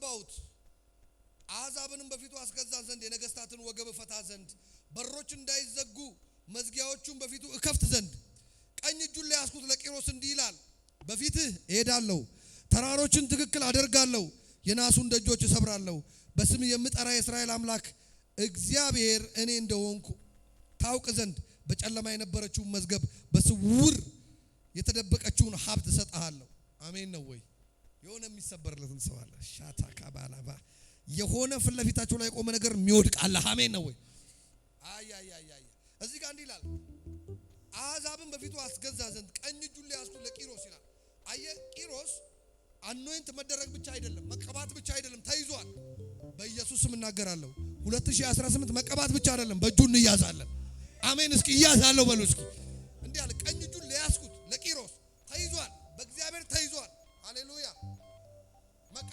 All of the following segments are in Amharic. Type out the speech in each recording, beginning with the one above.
ቀባሁት፣ አሕዛብንም በፊቱ አስገዛ ዘንድ የነገስታትን ወገብ እፈታ ዘንድ በሮች እንዳይዘጉ መዝጊያዎቹን በፊቱ እከፍት ዘንድ ቀኝ እጁን ላይ ለቂሮስ እንዲህ ይላል፣ በፊትህ እሄዳለሁ፣ ተራሮችን ትክክል አደርጋለሁ፣ የናሱን ደጆች እሰብራለሁ። በስም የምጠራ የእስራኤል አምላክ እግዚአብሔር እኔ እንደሆንኩ ታውቅ ዘንድ በጨለማ የነበረችውን መዝገብ በስውር የተደበቀችውን ሀብት እሰጥሃለሁ። አሜን ነው ወይ? የሆነ የሚሰበርለትን ሰው አለ። ሻታ ካባላባ የሆነ ፊት ለፊታቸው ላይ የቆመ ነገር የሚወድቅ አለ። ሀሜን ነው ወይ? አይ አይ አይ አይ እዚህ ጋር እንዲህ ይላል። አሕዛብን በፊቱ አስገዛ ዘንድ ቀኝ እጁን ሊያስቱ ለቂሮስ ይላል። አየ ቂሮስ አኖይንት መደረግ ብቻ አይደለም፣ መቀባት ብቻ አይደለም፣ ተይዟል። በኢየሱስ ስም እናገራለሁ። 2018 መቀባት ብቻ አይደለም፣ በእጁ እንያዛለን። አሜን። እስኪ እያዛለሁ በሉ እስኪ እንዲህ አለ ቀኝ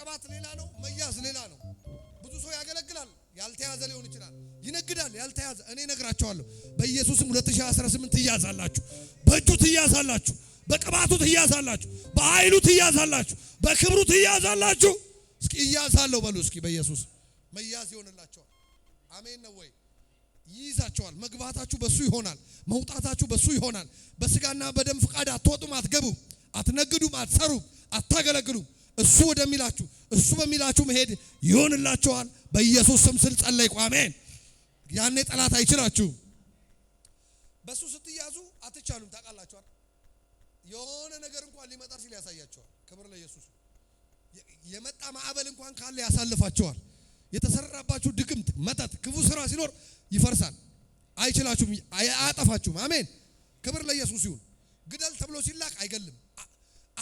መቀባት ሌላ ነው፣ መያዝ ሌላ ነው። ብዙ ሰው ያገለግላል፣ ያልተያዘ ሊሆን ይችላል። ይነግዳል፣ ያልተያዘ እኔ ነግራቸዋለሁ በኢየሱስም 2018 ትያዛላችሁ፣ በእጁ ትያዛላችሁ፣ በቅባቱ ትያዛላችሁ፣ በኃይሉ ትያዛላችሁ፣ በክብሩ ትያዛላችሁ። እስኪ እያዛለሁ በሉ እስኪ በኢየሱስ መያዝ ይሆንላቸዋል። አሜን ነው ወይ? ይይዛቸዋል። መግባታችሁ በሱ ይሆናል። መውጣታችሁ በሱ ይሆናል። በስጋና በደም ፍቃድ አትወጡም፣ አትገቡም፣ አትነግዱም፣ አትሰሩም፣ አታገለግሉም እሱ ወደሚላችሁ እሱ በሚላችሁ መሄድ ይሆንላችኋል። በኢየሱስ ስም ስል ጸለይኩ። አሜን። ያኔ ጠላት አይችላችሁ። በእሱ ስትያዙ አትቻሉም። ታውቃላችኋል። የሆነ ነገር እንኳን ሊመጣ ሲል ያሳያችኋል። ክብር ለኢየሱስ። የመጣ ማዕበል እንኳን ካለ ያሳልፋቸዋል የተሰራባችሁ ድግምት፣ መተት፣ ክፉ ስራ ሲኖር ይፈርሳል። አይችላችሁም፣ አያጠፋችሁም። አሜን። ክብር ለኢየሱስ ይሁን። ግደል ተብሎ ሲላክ አይገልም።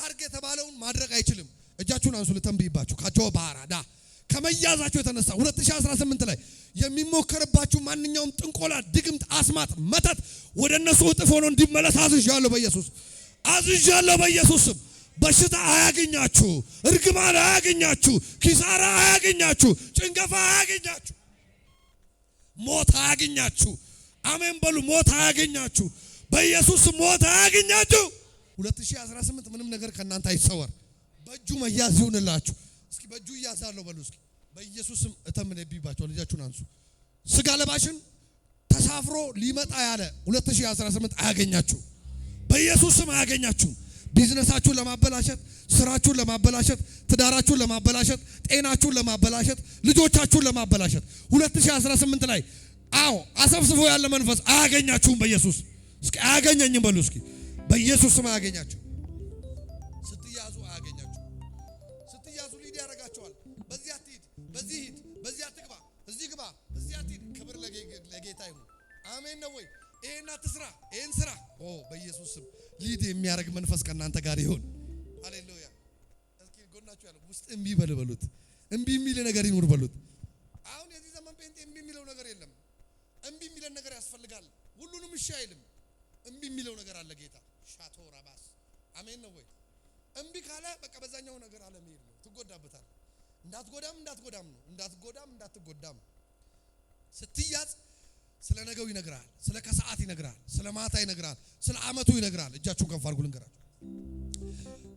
አርግ የተባለውን ማድረግ አይችልም። እጃችሁን አንሱ ልተንብይባችሁ ካቸው ባህራዳ ከመያዛችሁ የተነሳ 2018 ላይ የሚሞከርባችሁ ማንኛውም ጥንቆላ፣ ድግምት፣ አስማት፣ መተት ወደ እነሱ እጥፍ ሆኖ እንዲመለስ አዝዣለሁ በኢየሱስ አዝዣለሁ በኢየሱስም። በሽታ አያገኛችሁ፣ እርግማን አያገኛችሁ፣ ኪሳራ አያገኛችሁ፣ ጭንገፋ አያገኛችሁ፣ ሞት አያገኛችሁ። አሜን በሉ። ሞት አያገኛችሁ በኢየሱስ ሞት አያገኛችሁ። 2018 ምንም ነገር ከእናንተ አይሰወር። በእጁ መያዝ ይሁንላችሁ። እስኪ በእጁ እያዛለሁ በሉ። እስኪ በኢየሱስም እተምነብባቸው ልጃችሁን አንሱ። ስጋ ለባሽን ተሳፍሮ ሊመጣ ያለ 2018 አያገኛችሁ፣ በኢየሱስም አያገኛችሁ። ቢዝነሳችሁን ለማበላሸት፣ ስራችሁን ለማበላሸት፣ ትዳራችሁን ለማበላሸት፣ ጤናችሁን ለማበላሸት፣ ልጆቻችሁን ለማበላሸት 2018 ላይ አዎ አሰብስቦ ያለ መንፈስ አያገኛችሁም በኢየሱስ እስኪ አያገኘኝም በሉ። እስኪ በኢየሱስም አያገኛችሁ። ጌታ ይሁን። አሜን ነው ወይ? ይሄን አትስራ፣ ይሄን ስራ። ኦ በኢየሱስ ስም ሊድ የሚያደርግ መንፈስ ከእናንተ ጋር ይሁን። ሃሌሉያ። እስኪ ጎናችሁ ያለው ውስጥ እምቢ በል በሉት። እምቢ የሚል ነገር ይኑር በሉት። አሁን የዚህ ዘመን ጴንጤ እምቢ የሚለው ነገር የለም። እምቢ የሚለን ነገር ያስፈልጋል። ሁሉንም እሺ አይልም። እምቢ የሚለው ነገር አለ። ጌታ ሻቶ ራባስ አሜን ነው ወይ? እምቢ ካለ በቃ በዛኛው ነገር አለመሄድ ነው። ትጎዳበታል። እንዳትጎዳም እንዳትጎዳም ነው። እንዳትጎዳም እንዳትጎዳም ስትያዝ ስለ ነገው ይነግራል፣ ስለ ከሰዓት ይነግራል፣ ስለ ማታ ይነግራል፣ ስለ አመቱ ይነግራል። እጃችሁን ከፍ አድርጉ ልንገራችሁ።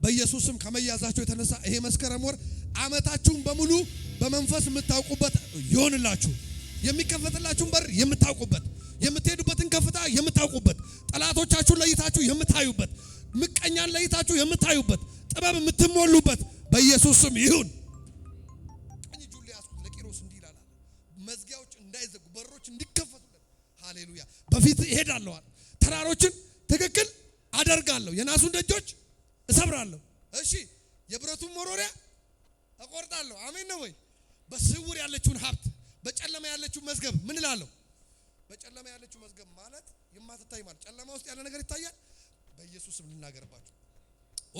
በኢየሱስም ከመያዛቸው የተነሳ ይሄ መስከረም ወር አመታችሁን በሙሉ በመንፈስ የምታውቁበት ይሆንላችሁ። የሚከፈትላችሁን በር የምታውቁበት፣ የምትሄዱበትን ከፍታ የምታውቁበት፣ ጠላቶቻችሁን ለይታችሁ የምታዩበት፣ ምቀኛን ለይታችሁ የምታዩበት፣ ጥበብ የምትሞሉበት በኢየሱስም ይሁን። በፊት እሄዳለሁ። ተራሮችን ትክክል አደርጋለሁ። የናሱን ደጆች እሰብራለሁ። እሺ የብረቱን መሮሪያ እቆርጣለሁ። አሜን ነው ወይ? በስውር ያለችውን ሀብት፣ በጨለማ ያለችውን መዝገብ ምን እላለሁ? በጨለማ ያለችው መዝገብ ማለት የማትታይ ማለት ጨለማ ውስጥ ያለ ነገር ይታያል። በኢየሱስም ልናገርባችሁ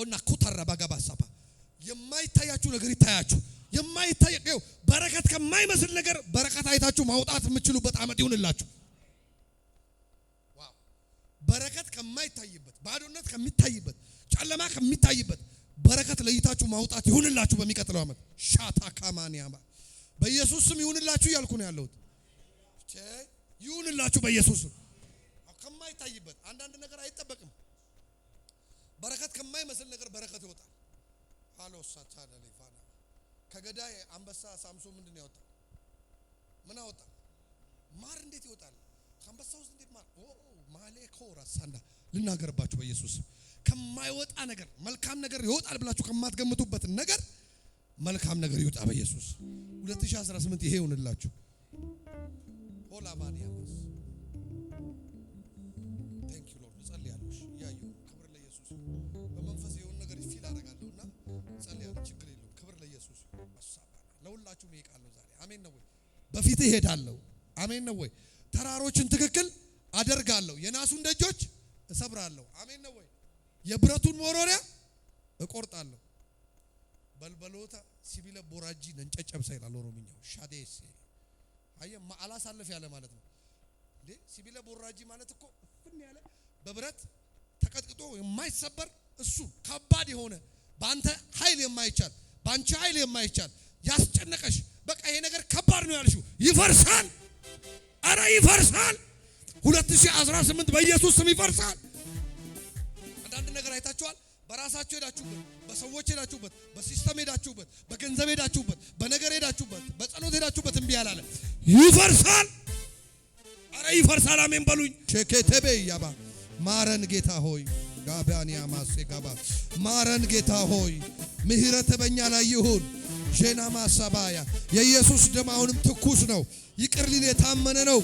ኦና ኩታራ ባጋባ ሳባ የማይታያችሁ ነገር ይታያችሁ። የማይታየው በረከት ከማይመስል ነገር በረከት አይታችሁ ማውጣት የምትችሉበት አመት ይሁንላችሁ። በረከት ከማይታይበት ባዶነት ከሚታይበት ጨለማ ከሚታይበት በረከት ለይታችሁ ማውጣት ይሁንላችሁ። በሚቀጥለው ዓመት ሻታ ካማኒያማ በኢየሱስ ስም ይሁንላችሁ እያልኩ ነው ያለሁት። ይሁንላችሁ በኢየሱስ ስም። ከማይታይበት አንዳንድ ነገር አይጠበቅም። በረከት ከማይመስል ነገር በረከት ይወጣል። አሎሳታ ለሊፋና ከገዳይ አንበሳ ሳምሶን ምንድን ነው ያወጣ? ምን አወጣ? ማር እንዴት ይወጣል? ከአንበሳ ውስጥ እንዴት ማር ማሌኮ ራሳንዳ ልናገርባችሁ በኢየሱስ ከማይወጣ ነገር መልካም ነገር ይወጣል ብላችሁ ከማትገምቱበት ነገር መልካም ነገር ይወጣ በኢየሱስ 2018 ይሄ ይሁንላችሁ። ሆላ ባዲያ ቴንክ ዩ ሎርድ ክብር ለኢየሱስ። በመንፈስ ነገር ችግር ክብር ለኢየሱስ። ነው ዛሬ። አሜን ነው ወይ? እሄዳለሁ። አሜን ነው ወይ? ተራሮችን ትክክል አደርጋለሁ፣ የናሱን ደጆች እሰብራለሁ። አሜን ነው ወይ? የብረቱን መወርወሪያ እቆርጣለሁ። በልበሎታ ሲቢለ ቦራጂ ነንጨጨብሳ ይላል ኦሮምኛው። ሻዴስ አየ አላሳልፍ ያለ ማለት ነው እንዴ። ሲቢለ ቦራጂ ማለት እኮ እፍን ያለ በብረት ተቀጥቅጦ የማይሰበር እሱ ከባድ የሆነ በአንተ ኃይል የማይቻል በአንቺ ኃይል የማይቻል ያስጨነቀሽ በቃ ይሄ ነገር ከባድ ነው ያልሽው ይፈርሳል። አረ ይፈርሳል። 2018 በኢየሱስ ስም ይፈርሳል። አንዳንድ ነገር አይታችኋል። በራሳችሁ ሄዳችሁበት፣ በሰዎች ሄዳችሁበት፣ በሲስተም ሄዳችሁበት፣ በገንዘብ ሄዳችሁበት፣ በነገር ሄዳችሁበት፣ በጸሎት ሄዳችሁበት እምቢ ያላለ ይፈርሳል። አረ ይፈርሳል። አሜን በሉኝ። ቼኬቴቤ ያባ ማረን ጌታ ሆይ ጋባንያ ማሴ ጋባ ማረን ጌታ ሆይ ምሕረት በኛ ላይ ይሁን። ዤና ማሳባያ የኢየሱስ ደም አሁንም ትኩስ ነው። ይቅር ሊል የታመነ ነው።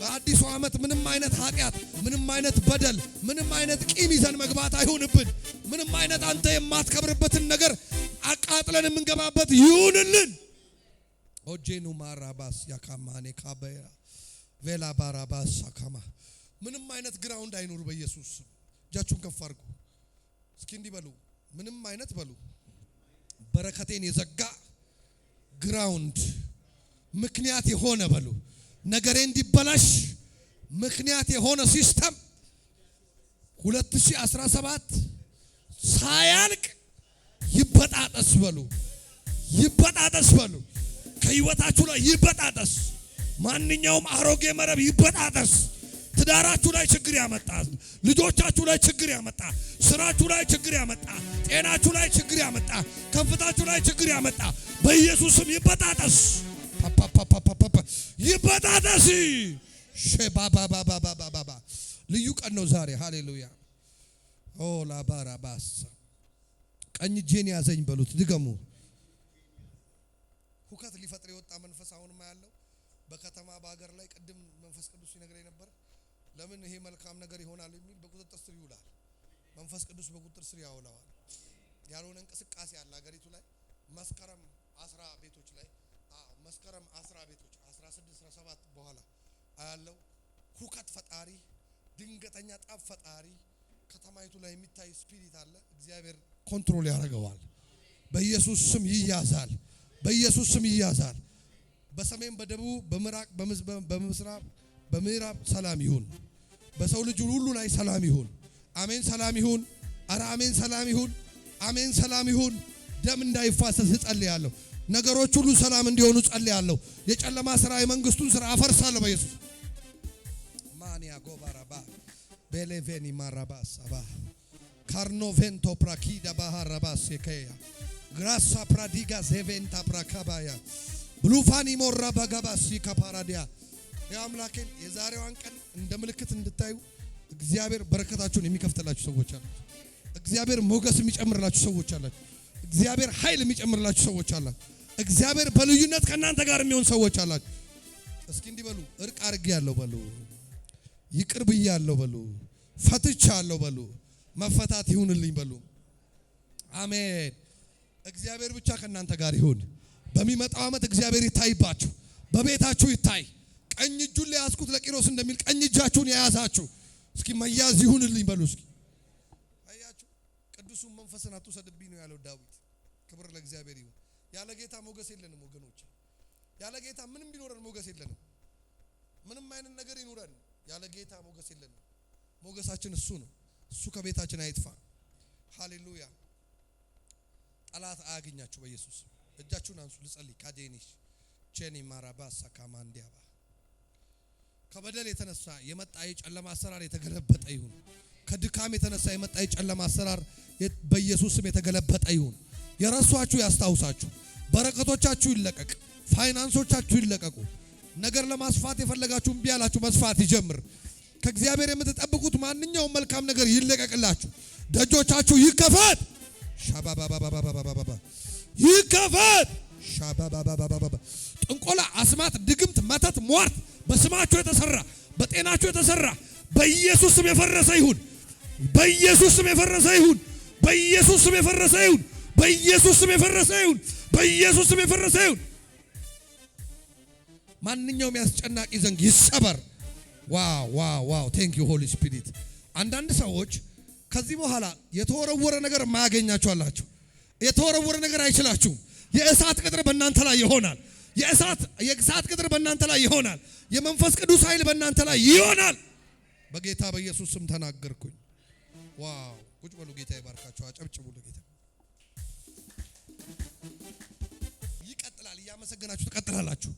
በአዲሱ ዓመት ምንም አይነት ኃጢአት፣ ምንም አይነት በደል፣ ምንም አይነት ቂም ይዘን መግባት አይሁንብን። ምንም አይነት አንተ የማትከብርበትን ነገር አቃጥለን የምንገባበት ይሁንልን። ኦጄኑ ማራባስ ያካማኔ ካበያ ቬላ ባራባስ አካማ ምንም አይነት ግራውንድ አይኖር። በኢየሱስ እጃችሁን ከፍ አድርጉ። እስኪ እንዲህ በሉ፣ ምንም አይነት በሉ በረከቴን የዘጋ ግራውንድ ምክንያት የሆነ በሉ ነገሬ እንዲበላሽ ምክንያት የሆነ ሲስተም 2017 ሳያልቅ ይበጣጠስ በሉ ይበጣጠስ በሉ ከህይወታችሁ ላይ ይበጣጠስ። ማንኛውም አሮጌ መረብ ይበጣጠስ። ትዳራችሁ ላይ ችግር ያመጣ፣ ልጆቻችሁ ላይ ችግር ያመጣ፣ ስራችሁ ላይ ችግር ያመጣ፣ ጤናችሁ ላይ ችግር ያመጣ፣ ከፍታችሁ ላይ ችግር ያመጣ በኢየሱስም ይበጣጠስ፣ ይበጣጠስ። ሸባባባባባባ ልዩ ቀን ነው ዛሬ። ሃሌሉያ ኦ ቀኝ እጄን ያዘኝ በሉት፣ ድገሙ። ሁከት ሊፈጥር የወጣ መንፈስ አሁን ያለው በከተማ በሀገር ላይ ቅድም መንፈስ ቅዱስ ይነግረኝ ነበር። ለምን ይሄ መልካም ነገር ይሆናል የሚል በቁጥጥር ስር ይውላል። መንፈስ ቅዱስ በቁጥጥር ስር ያውለዋል። ያልሆነ እንቅስቃሴ አለ ሀገሪቱ ላይ መስከረም አስራ ቤቶች ላይ መስከረም አስራ ቤቶች አስራ ስድስት አስራ ሰባት በኋላ አያለው ሁከት ፈጣሪ፣ ድንገተኛ ጠብ ፈጣሪ ከተማይቱ ላይ የሚታይ ስፒሪት አለ። እግዚአብሔር ኮንትሮል ያደርገዋል። በኢየሱስ ስም ይያዛል። በኢየሱስ ስም ይያዛል። በሰሜን በደቡብ በምራቅ በምስራቅ በምዕራብ ሰላም ይሁን። በሰው ልጅ ሁሉ ላይ ሰላም ይሁን። አሜን። ሰላም ይሁን። አረ አሜን። ሰላም ይሁን። አሜን። ሰላም ይሁን። ደም እንዳይፋሰስ እጸልያለሁ። ነገሮች ሁሉ ሰላም እንዲሆኑ ጸልያለሁ። የጨለማ ስራ የመንግስቱን ስራ አፈርሳለሁ በኢየሱስ ማንያ ጎባራባ ቤሌቬኒ ማራባስ አባ ካርኖቬንቶ ፕራኪዳ ባህራባስ የከያ ግራሳ ፕራዲጋ ዜቬንታ ፕራካባያ ብሉፋኒ ሞራ በገባስ ከፓራዲያ የአምላኬን የዛሬዋን ቀን እንደ ምልክት እንድታዩ እግዚአብሔር በረከታችሁን የሚከፍትላችሁ ሰዎች አላችሁ። እግዚአብሔር ሞገስ የሚጨምርላችሁ ሰዎች አላችሁ። እግዚአብሔር ኃይል የሚጨምርላችሁ ሰዎች አላችሁ። እግዚአብሔር በልዩነት ከእናንተ ጋር የሚሆን ሰዎች አላችሁ። እስኪ እንዲህ በሉ፣ እርቅ ያለው በሉ፣ ይቅር ያለው በሉ፣ ፈትቻ ያለው በሉ፣ መፈታት ይሁንልኝ በሉ። አሜን። እግዚአብሔር ብቻ ከእናንተ ጋር ይሁን። በሚመጣው ዓመት እግዚአብሔር ይታይባችሁ፣ በቤታችሁ ይታይ። ቀኝ እጁን ለያዝኩት ለቂሮስ እንደሚል ቀኝ እጃችሁን የያዛችሁ እስኪ መያዝ ይሁንልኝ በሉ። እስኪ አያችሁ፣ ቅዱሱን መንፈስን አትውሰድብኝ ነው ያለው ዳዊት። ክብር ለእግዚአብሔር ይሁን። ያለ ጌታ ሞገስ የለንም ወገኖች። ያለ ጌታ ምንም ቢኖረን ሞገስ የለንም። ምንም አይነት ነገር ይኑረን፣ ያለ ጌታ ሞገስ የለንም። ሞገሳችን እሱ ነው። እሱ ከቤታችን አይጥፋ። ሃሌሉያ። ጠላት አያገኛችሁ በኢየሱስ እጃችሁን አንሱ። ልጸልይ ካዴኒሽ ቼኒ ማራባሳ ካማንዲያባ ከበደል የተነሳ የመጣ የጨለማ አሰራር የተገለበጠ ይሁን። ከድካም የተነሳ የመጣ የጨለማ አሰራር በኢየሱስም ስም የተገለበጠ ይሁን። የረሷችሁ ያስታውሳችሁ። በረከቶቻችሁ ይለቀቅ። ፋይናንሶቻችሁ ይለቀቁ። ነገር ለማስፋት የፈለጋችሁ እምቢ ያላችሁ መስፋት ይጀምር። ከእግዚአብሔር የምትጠብቁት ማንኛውም መልካም ነገር ይለቀቅላችሁ። ደጆቻችሁ ይከፈት። ይከፈት። ጥንቆላ፣ አስማት፣ ድግምት፣ መተት፣ ሟርት በስማችሁ የተሰራ በጤናችሁ የተሰራ በኢየሱስ ስም የፈረሰ ይሁን። በኢየሱስ ስም የፈረሰ ይሁን። በኢየሱስ ስም የፈረሰ ይሁን። በኢየሱስ ስም የፈረሰ ይሁን። በኢየሱስ ስም የፈረሰ ይሁን። ማንኛውም ያስጨናቂ ዘንግ ይሰበር። ዋው ዋው ዋው! ቴንክ ዩ ሆሊ ስፒሪት። አንዳንድ ሰዎች ከዚህ በኋላ የተወረወረ ነገር ማያገኛችሁ አላችሁ። የተወረወረ ነገር አይችላችሁም። የእሳት ቅጥር በእናንተ ላይ ይሆናል። የእሳት የእሳት ቅጥር በእናንተ ላይ ይሆናል። የመንፈስ ቅዱስ ኃይል በእናንተ ላይ ይሆናል። በጌታ በኢየሱስ ስም ተናገርኩኝ። ዋው! ቁጭ በሉ። ጌታ ይባርካችሁ። አጨብጭቡ ለጌታ እያመሰገናችሁ ትቀጥላላችሁ።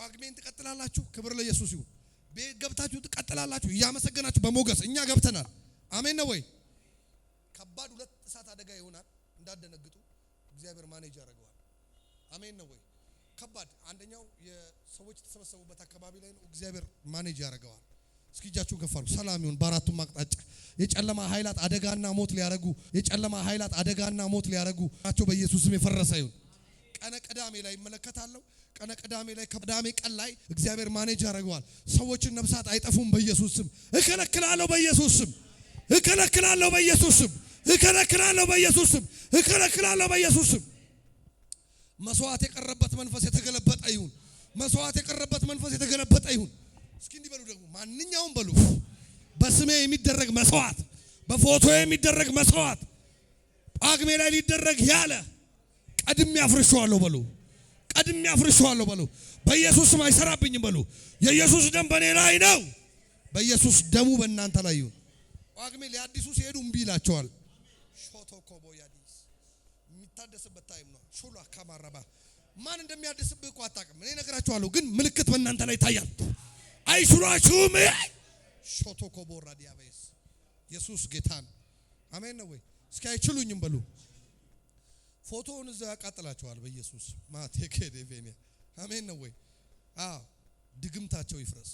ዋግሜን ትቀጥላላችሁ። ክብር ለኢየሱስ ይሁን። ቤት ገብታችሁ ትቀጥላላችሁ እያመሰገናችሁ በሞገስ። እኛ ገብተናል። አሜን ነው ወይ? ከባድ ሁለት እሳት አደጋ ይሆናል። እንዳደነግጡ እግዚአብሔር ማኔጅ ያደርገዋል። አሜን ነው ወይ? ከባድ አንደኛው የሰዎች የተሰበሰቡበት አካባቢ ላይ ነው። እግዚአብሔር ማኔጅ ያደርገዋል። እስኪ እጃችሁን ከፍ አሉ። ሰላም ይሁን። በአራቱም አቅጣጫ የጨለማ ኃይላት አደጋና ሞት ሊያረጉ የጨለማ ኃይላት አደጋና ሞት ሊያረጉ ናቸው። በኢየሱስም የፈረሰ ይሁን። ቀነ ቅዳሜ ላይ ይመለከታለሁ። ቀነ ቅዳሜ ላይ ከቅዳሜ ቀን ላይ እግዚአብሔር ማኔጅ ያደርገዋል። ሰዎችን ነብሳት አይጠፉም። በኢየሱስ ስም እከለክላለሁ። በኢየሱስ ስም እከለክላለሁ። በኢየሱስ ስም እከለክላለሁ። በኢየሱስ ስም እከለክላለሁ። በኢየሱስ ስም መስዋዕት የቀረበት መንፈስ የተገለበጠ ይሁን። መስዋዕት የቀረበት መንፈስ የተገለበጠ ይሁን። እስኪ እንዲበሉ ደግሞ ማንኛውም በሉ በስሜ የሚደረግ መስዋዕት፣ በፎቶ የሚደረግ መስዋዕት ጳግሜ ላይ ሊደረግ ያለ ቀድሜ አፍርሼዋለሁ በሉ። ቀድሜ አፍርሼዋለሁ በሉ። በኢየሱስ ስም አይሰራብኝም በሉ። የኢየሱስ ደም በእኔ ላይ ነው። በኢየሱስ ደሙ በእናንተ ላይ ይሁን። ጳጉሜ ሊያዲሱ ሲሄዱ እምቢ ይላቸዋል። ሾቶኮቦ ያዲስ የሚታደስበት ታይም ነው። ሹላ ከማረባ ማን እንደሚያድስብህ እኮ አታውቅም። እኔ እነግራችኋለሁ፣ ግን ምልክት በእናንተ ላይ ይታያል። አይሽሯችሁም። ሾቶኮቦ ራዲያቤስ ኢየሱስ ጌታ ነው። አሜን ነው ወይ? እስኪ አይችሉኝም በሉ ፎቶውን እዛ ያቃጥላቸዋል። በኢየሱስ ማቴ ከዴቬኒያ አሜን ነው ወይ? አዎ ድግምታቸው ይፍረስ።